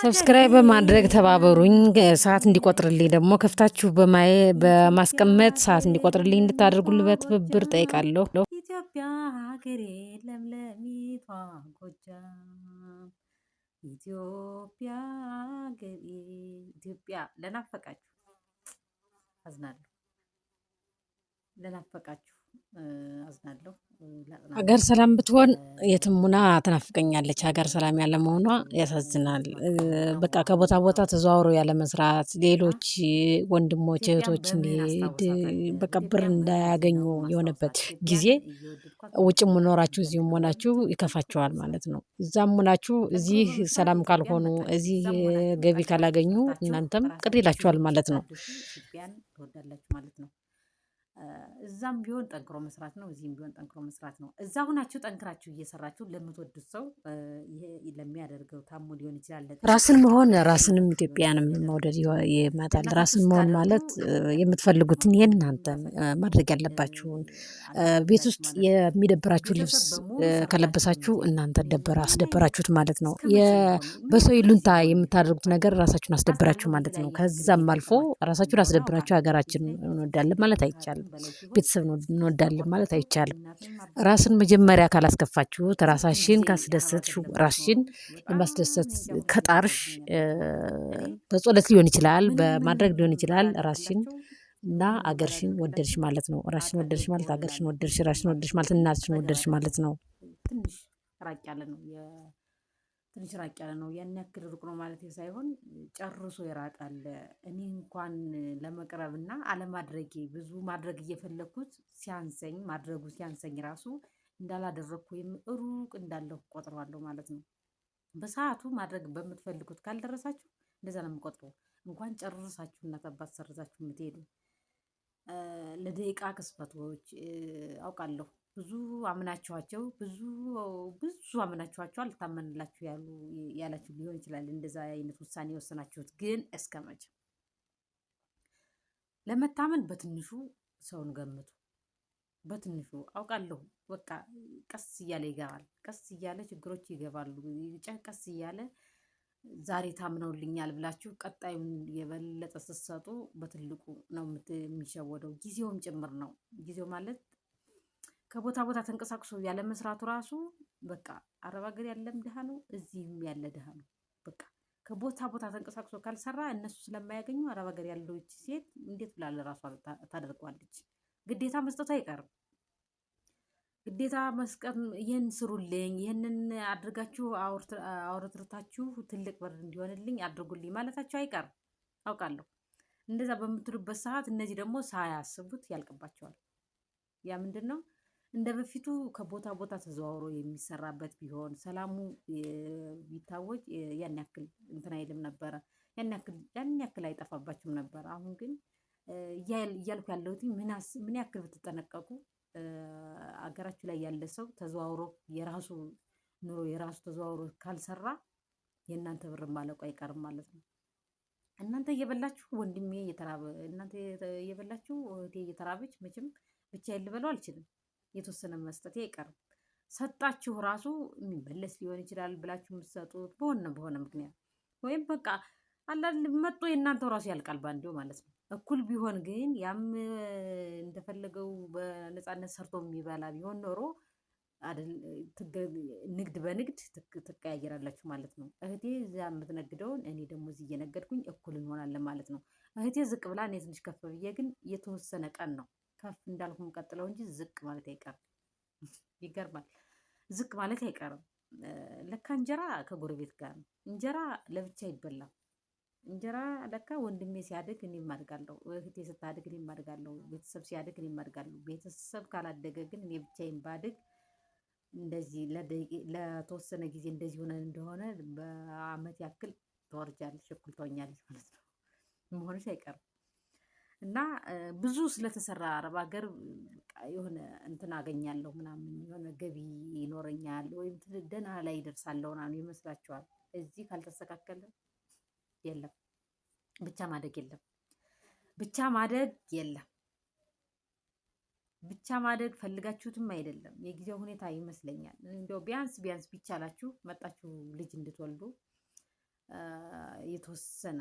ሰብስክራይብ በማድረግ ተባበሩኝ። ሰዓት እንዲቆጥርልኝ ደግሞ ከፍታችሁ በማስቀመጥ ሰዓት እንዲቆጥርልኝ እንድታደርጉልኝ በትብብር ጠይቃለሁ። ኢትዮጵያ ሀገሬ ለምለሚቷ ጎጃም ኢትዮጵያ ሀገሬ ኢትዮጵያ ለናፈቃችሁ አዝናለሁ። ለናፈቃችሁ ሀገር ሰላም ብትሆን የትም ሙና ትናፍቀኛለች። ሀገር ሰላም ያለ መሆኗ ያሳዝናል። በቃ ከቦታ ቦታ ተዘዋውሮ ያለመስራት ሌሎች ወንድሞች እህቶች በቃ ብር እንዳያገኙ የሆነበት ጊዜ ውጭም ኖራችሁ እዚህም ሆናችሁ ይከፋችኋል ማለት ነው። እዛም ሆናችሁ እዚህ ሰላም ካልሆኑ እዚህ ገቢ ካላገኙ እናንተም ቅር ይላችኋል ማለት ነው። እዛም ቢሆን ጠንክሮ መስራት ነው፣ እዚህም ቢሆን ጠንክሮ መስራት ነው። እዛ ሁናችሁ ጠንክራችሁ እየሰራችሁ ለምትወዱት ሰው ይሄ ለሚያደርገው ታሞ ሊሆን ይችላል። ራስን መሆን ራስንም ኢትዮጵያንም መውደድ ይመጣል። ራስን መሆን ማለት የምትፈልጉትን የእናንተ ማድረግ ያለባችሁን ቤት ውስጥ የሚደብራችሁ ልብስ ከለበሳችሁ እናንተ ደበረ አስደበራችሁት ማለት ነው። በሰው ይሉንታ የምታደርጉት ነገር ራሳችሁን አስደብራችሁ ማለት ነው። ከዛም አልፎ ራሳችሁን አስደብራችሁ ሀገራችን እንወዳለን ማለት አይቻልም። ቤተሰብ እንወዳለን ማለት አይቻልም። ራስን መጀመሪያ ካላስከፋችሁት፣ ራሳሽን ካስደሰት ራስሽን ለማስደሰት ከጣርሽ በጸሎት ሊሆን ይችላል፣ በማድረግ ሊሆን ይችላል። ራስሽን እና አገርሽን ወደድሽ ማለት ነው። ራስሽን ወደድሽ ማለት አገርሽን ወደድሽ፣ ራስሽን ወደድሽ ማለት እናትሽን ወደድሽ ማለት ነው። ትንሽ ራቅ ያለ ነው። ትንሽ ራቅ ያለ ነው። ያን ያክል ሩቅ ነው ማለት ሳይሆን ጨርሶ ይራቃል። እኔ እንኳን ለመቅረብ እና አለማድረጌ ብዙ ማድረግ እየፈለግኩት ሲያንሰኝ ማድረጉ ሲያንሰኝ ራሱ እንዳላደረግኩ ወይም ሩቅ እንዳለሁ ቆጥረዋለሁ ማለት ነው። በሰዓቱ ማድረግ በምትፈልጉት ካልደረሳችሁ እንደዛ ነው የምቆጥረው። እንኳን ጨርሳችሁ እናት አባት ሰርዛችሁ የምትሄዱ ለደቂቃ ክስፈቶች አውቃለሁ ብዙ አምናችኋቸው ብዙ ብዙ አምናችኋቸው አልታመንላችሁ ያሉ ያላችሁ ሊሆን ይችላል። እንደዛ አይነት ውሳኔ የወሰናችሁት ግን እስከ መቼ? ለመታመን በትንሹ ሰውን ገምቱ። በትንሹ አውቃለሁ በቃ ቀስ እያለ ይገባል። ቀስ እያለ ችግሮች ይገባሉ። ቀስ እያለ ዛሬ ታምነውልኛል ብላችሁ ቀጣዩን የበለጠ ስትሰጡ በትልቁ ነው የሚሸወደው። ጊዜውም ጭምር ነው። ጊዜው ማለት ከቦታ ቦታ ተንቀሳቅሶ ያለ መስራቱ ራሱ በቃ አረብ ሀገር ያለም ድሃ ነው፣ እዚህም ያለ ድሃ ነው። በቃ ከቦታ ቦታ ተንቀሳቅሶ ካልሰራ እነሱ ስለማያገኙ አረብ ሀገር ያለች ሴት እንዴት ብላ ለራሷ ታደርጓለች? ግዴታ መስጠቱ አይቀርም። ግዴታ መስቀም ይህን ስሩልኝ፣ ይህንን አድርጋችሁ አውርትርታችሁ ትልቅ በር እንዲሆንልኝ አድርጉልኝ ማለታቸው አይቀርም አውቃለሁ። እንደዛ በምትሉበት ሰዓት እነዚህ ደግሞ ሳያስቡት ያልቅባቸዋል። ያ ምንድን ነው እንደ በፊቱ ከቦታ ቦታ ተዘዋውሮ የሚሰራበት ቢሆን ሰላሙ ቢታወጅ ያን ያክል እንትን አይልም ነበረ፣ ያን ያክል አይጠፋባችሁም ነበረ። አሁን ግን እያልኩ ያለሁት ምን ያክል ብትጠነቀቁ አገራችሁ ላይ ያለ ሰው ተዘዋውሮ የራሱ ኑሮ የራሱ ተዘዋውሮ ካልሰራ የእናንተ ብር ማለቁ አይቀርም ማለት ነው። እናንተ እየበላችሁ ወንድሜ እየተራበ እናንተ እየበላችሁ እህቴ እየተራበች መቼም ብቻዬን ልበለው አልችልም። የተወሰነ መስጠት አይቀርም። ሰጣችሁ ራሱ የሚመለስ ሊሆን ይችላል ብላችሁ የምትሰጡት በሆነ በሆነ ምክንያት ወይም በቃ አንዳንድ መጦ የእናንተው ራሱ ያልቃል ባንዴው ማለት ነው። እኩል ቢሆን ግን ያም እንደፈለገው በነፃነት ሰርቶ የሚበላ ቢሆን ኖሮ ንግድ በንግድ ትቀያየራላችሁ ማለት ነው። እህቴ እዚያ የምትነግደውን እኔ ደግሞ እዚህ እየነገድኩኝ እኩል እንሆናለን ማለት ነው። እህቴ ዝቅ ብላ እኔ ትንሽ ከፍ ብዬ ግን የተወሰነ ቀን ነው ከፍ እንዳልሆን ቀጥለው እንጂ ዝቅ ማለት አይቀርም። ይገርማል። ዝቅ ማለት አይቀርም። ለካ እንጀራ ከጎረቤት ጋር ነው። እንጀራ ለብቻ አይበላም። እንጀራ ለካ ወንድሜ ሲያድግ እኔ ማድጋለሁ፣ እህቴ ስታድግ እኔ ማድጋለሁ፣ ቤተሰብ ሲያድግ እኔ ማድጋለሁ። ቤተሰብ ካላደገ ግን እኔ ብቻዬን ባድግ እንደዚህ ለተወሰነ ጊዜ እንደዚህ ሆነን እንደሆነ በአመት ያክል ተወርጃለሽ፣ እኩል ተወኛለሽ ማለት ነው መሆንሽ አይቀርም። እና ብዙ ስለተሰራ አረብ ሀገር የሆነ እንትን አገኛለሁ ምናምን የሆነ ገቢ ይኖረኛል ወይም ደህና ላይ ይደርሳለሁ ምናምን ይመስላችኋል። እዚህ ካልተስተካከለ የለም ብቻ ማደግ የለም ብቻ ማደግ የለም ብቻ ማደግ ፈልጋችሁትም አይደለም የጊዜው ሁኔታ ይመስለኛል። እንዲያው ቢያንስ ቢያንስ ቢቻላችሁ መጣችሁ ልጅ እንድትወልዱ የተወሰነ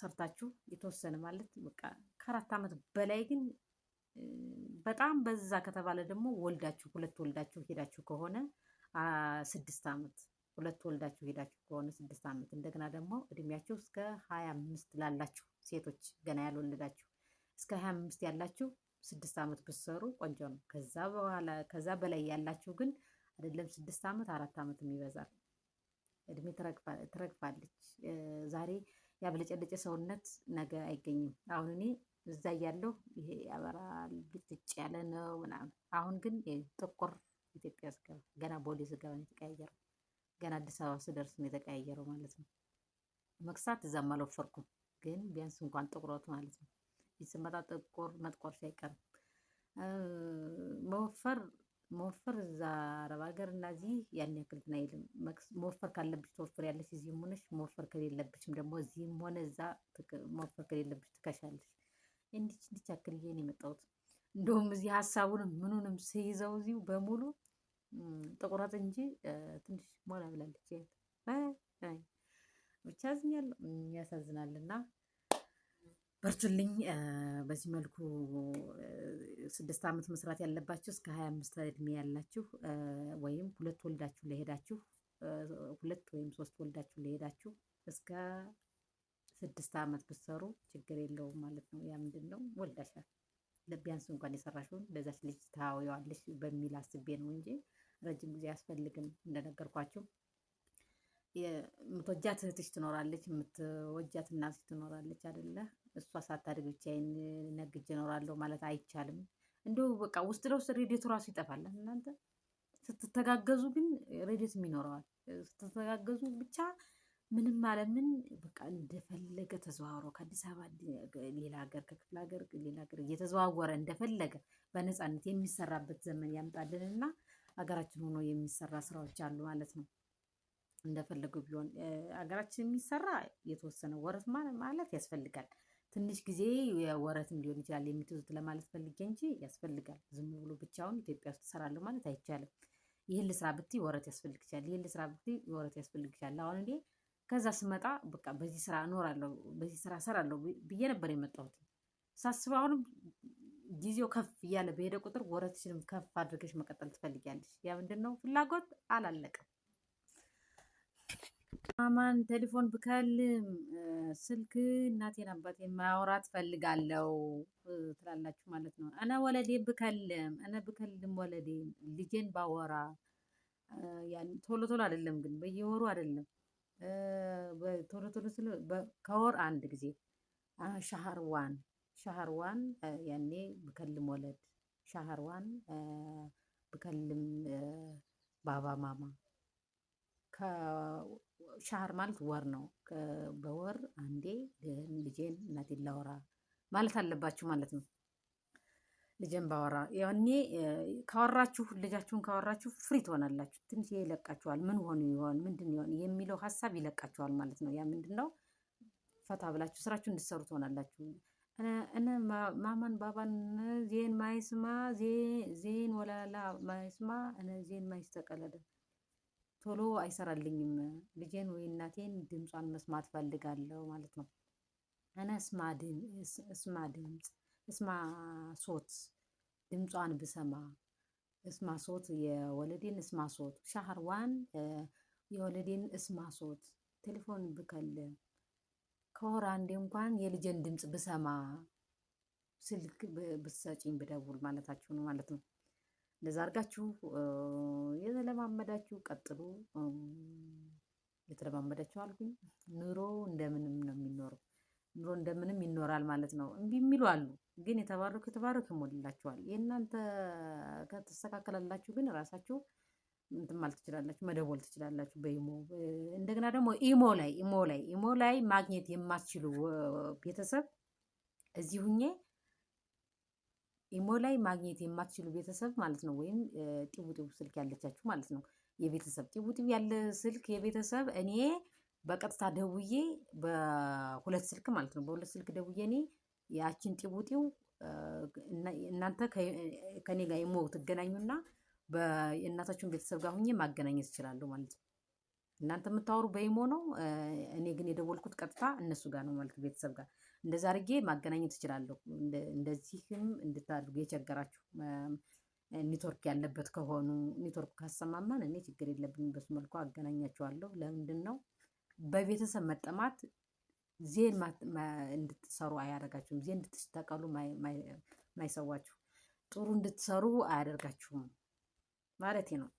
ሰርታችሁ የተወሰነ ማለት በቃ ከአራት ዓመት በላይ ግን በጣም በዛ ከተባለ ደግሞ ወልዳችሁ ሁለት ወልዳችሁ ሄዳችሁ ከሆነ ስድስት ዓመት ሁለት ወልዳችሁ ሄዳችሁ ከሆነ ስድስት ዓመት እንደገና ደግሞ እድሜያችሁ እስከ ሀያ አምስት ላላችሁ ሴቶች ገና ያልወለዳችሁ እስከ ሀያ አምስት ያላችሁ ስድስት ዓመት ብትሰሩ ቆንጆ ነው። ከዛ በኋላ ከዛ በላይ ያላችሁ ግን አይደለም ስድስት ዓመት አራት ዓመት የሚበዛል እድሜ ትረግፋለች ዛሬ ያብለጨለጨ ሰውነት ነገ አይገኝም። አሁን እኔ እዛ እያለሁ ይሄ ያበራል ብልጭ ያለ ነው ምናምን። አሁን ግን ጥቁር ኢትዮጵያ ስገባ ገና ቦሌ ስገባ ነው የተቀያየረው። ገና አዲስ አበባ ስደርስ ነው የተቀያየረው ማለት ነው። መክሳት እዛም አልወፈርኩም፣ ግን ቢያንስ እንኳን ጥቁሮት ማለት ነው ስመጣ ጥቁር መጥቆር ሳይቀርም መወፈር መወፈር እዛ አረብ ሀገር እና እዚህ ያን ያክል እንትን አይልም። መወፈር ካለብሽ ተወፍር ያለሽ እዚህም ሆነሽ መወፈር ከሌለብሽም ደግሞ እዚህም ሆነ እዛ መወፈር ከሌለብሽ ትከሻለሽ። እንዲች እንዲች አክልዬ ነው የመጣሁት። እንደውም እዚህ ሀሳቡንም ምኑንም ስይዘው እዚሁ በሙሉ ጥቁረት እንጂ ትንሽ ሞላ ብላለች። ብቻ ያሳዝናል ያሳዝናልና በርቱልኝ። በዚህ መልኩ ስድስት ዓመት መስራት ያለባችሁ እስከ ሀያ አምስት እድሜ ያላችሁ ወይም ሁለት ወልዳችሁ ለሄዳችሁ ሁለት ወይም ሶስት ወልዳችሁ ለሄዳችሁ እስከ ስድስት ዓመት ብትሰሩ ችግር የለውም ማለት ነው። ያ ምንድን ነው ወልዳሻል፣ ለቢያንስ እንኳን የሰራሽውን ለዛች ልጅ ታዋዋለሽ በሚል አስቤ ነው እንጂ ረጅም ጊዜ አያስፈልግም። እንደነገርኳችሁ የምትወጃት እህትሽ ትኖራለች፣ የምትወጃት እናትሽ ትኖራለች አይደለ? እሷ ሳታድግ ብቻዬን ነግጄ እኖራለሁ ማለት አይቻልም። እንዲሁ በቃ ውስጥ ለውስጥ ሬዲየቱ ራሱ ይጠፋል። እናንተ ስትተጋገዙ ግን ሬዲየትም ይኖረዋል። ስትተጋገዙ ብቻ ምንም አለምን በቃ እንደፈለገ ተዘዋውሮ ከአዲስ አበባ ሌላ ሀገር ከክፍለ ሀገር ሌላ ሀገር እየተዘዋወረ እንደፈለገ በነፃነት የሚሰራበት ዘመን ያምጣልንና ሀገራችን ሆኖ የሚሰራ ስራዎች አሉ ማለት ነው። እንደፈለገው ቢሆን ሀገራችን የሚሰራ የተወሰነ ወረት ማለት ያስፈልጋል። ትንሽ ጊዜ ወረትም ሊሆን ይችላል የምትይዙት ለማለት ፈልጌ እንጂ ያስፈልጋል። ዝም ብሎ ብቻውን ኢትዮጵያ ውስጥ እሰራለሁ ማለት አይቻልም። ይህን ልስራ ብትይ ወረት ያስፈልግ ይችላል። ይህን ልስራ ብትይ ወረት ያስፈልግ ይችላል። አሁን እኔ ከዛ ስመጣ በቃ በዚህ ስራ እኖራለሁ፣ በዚህ ስራ እሰራለሁ ብዬ ነበር የመጣሁት። ሳስበ አሁንም ጊዜው ከፍ እያለ በሄደ ቁጥር ወረትሽንም ከፍ አድርገሽ መቀጠል ትፈልጊያለሽ። ያ ምንድን ነው ፍላጎት አላለቀም። ማማን ቴሌፎን ብከልም ስልክ እናቴን አባቴ ማውራት ፈልጋለው ትላላችሁ ማለት ነው። እነ ወለዴ ብከልም እነ ብከልም ወለዴ ልጄን ባወራ ቶሎ ቶሎ አይደለም ግን በየወሩ አይደለም ቶሎ ቶሎ ከወር አንድ ጊዜ ሻሃርዋን ሻሃርዋን ያኔ ብከልም ወለድ ሻሃርዋን ብከልም ባባ ማማ ሻህር ማለት ወር ነው። በወር አንዴ ልጄን እናቴን ላወራ ማለት አለባችሁ ማለት ነው። ልጄን ባወራ ያኔ ካወራችሁ ልጃችሁን ካወራችሁ ፍሪ ትሆናላችሁ። ትንሽ ይለቃችኋል። ምን ሆኑ ይሆን ምንድን ይሆን የሚለው ሀሳብ ይለቃችኋል ማለት ነው። ያ ምንድን ነው? ፈታ ብላችሁ ስራችሁ እንድትሰሩ ትሆናላችሁ። እነ ማማን ባባን ዜን ማይስማ ዜን ወላላ ማይስማ እነ ዜን ማይስተቀለደ ቶሎ አይሰራልኝም። ልጄን ወይ እናቴን ድምጿን መስማት ፈልጋለሁ ማለት ነው። እነ እስማ ድምፅ እስማ ሶት ድምጿን ብሰማ እስማ ሶት የወለዴን እስማ ሶት ሻህርዋን የወለዴን እስማ ሶት ቴሌፎን ብከል ከወር አንዴ እንኳን የልጄን ድምፅ ብሰማ ስልክ ብትሰጪኝ ብደውል ማለታችሁ ነው ማለት ነው። እንደዛ አርጋችሁ የተለማመዳችሁ ቀጥሉ። የተለማመዳችሁ አልኩኝ። ኑሮ እንደምንም ነው የሚኖረው። ኑሮ እንደምንም ይኖራል ማለት ነው። እምቢ የሚሉ አሉ፣ ግን የተባረኩ የተባረኩ ይሞላችኋል። የእናንተ ከተስተካከላላችሁ ግን ራሳችሁ እንትን ማለት ትችላላችሁ፣ መደወል ትችላላችሁ በኢሞ። እንደገና ደግሞ ኢሞ ላይ ኢሞ ላይ ኢሞ ላይ ማግኘት የማትችሉ ቤተሰብ እዚሁኜ ኢሞ ላይ ማግኘት የማትችሉ ቤተሰብ ማለት ነው፣ ወይም ጢቡ ስልክ ያለቻችሁ ማለት ነው። የቤተሰብ ጢቡ ያለ ስልክ የቤተሰብ እኔ በቀጥታ ደውዬ በሁለት ስልክ ማለት ነው፣ በሁለት ስልክ ደውዬ እኔ ያችን ጢቡጢው እናንተ ከኔ ጋር ኢሞ ትገናኙና የእናታችሁን ቤተሰብ ጋር ሁኜ ማገናኘት ይችላሉ ማለት ነው። እናንተ የምታወሩ በኢሞ ነው፣ እኔ ግን የደወልኩት ቀጥታ እነሱ ጋር ነው ማለት ቤተሰብ ጋር እንደዛ አድርጌ ማገናኘት እችላለሁ። እንደዚህም እንድታደርጉ የቸገራችሁ ኔትወርክ ያለበት ከሆኑ ኔትወርክ ካሰማማን እኔ ችግር የለብኝም። በሱ መልኩ አገናኛችኋለሁ። ለምንድን ነው በቤተሰብ መጠማት ዜን እንድትሰሩ አያደርጋችሁም። ዜን እንድትስተቀሉ ማይሰዋችሁ ጥሩ እንድትሰሩ አያደርጋችሁም ማለት ነው።